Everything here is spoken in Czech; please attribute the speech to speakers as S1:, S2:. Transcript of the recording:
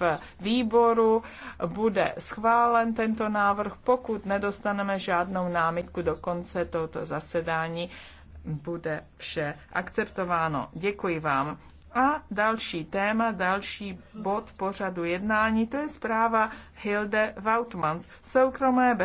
S1: v výboru bude schválen tento návrh, pokud nedostaneme žádnou námitku do konce tohoto zasedání, bude vše akceptováno. Děkuji vám. A další téma, další bod pořadu jednání, to je zpráva Hilde Wautmans, soukromé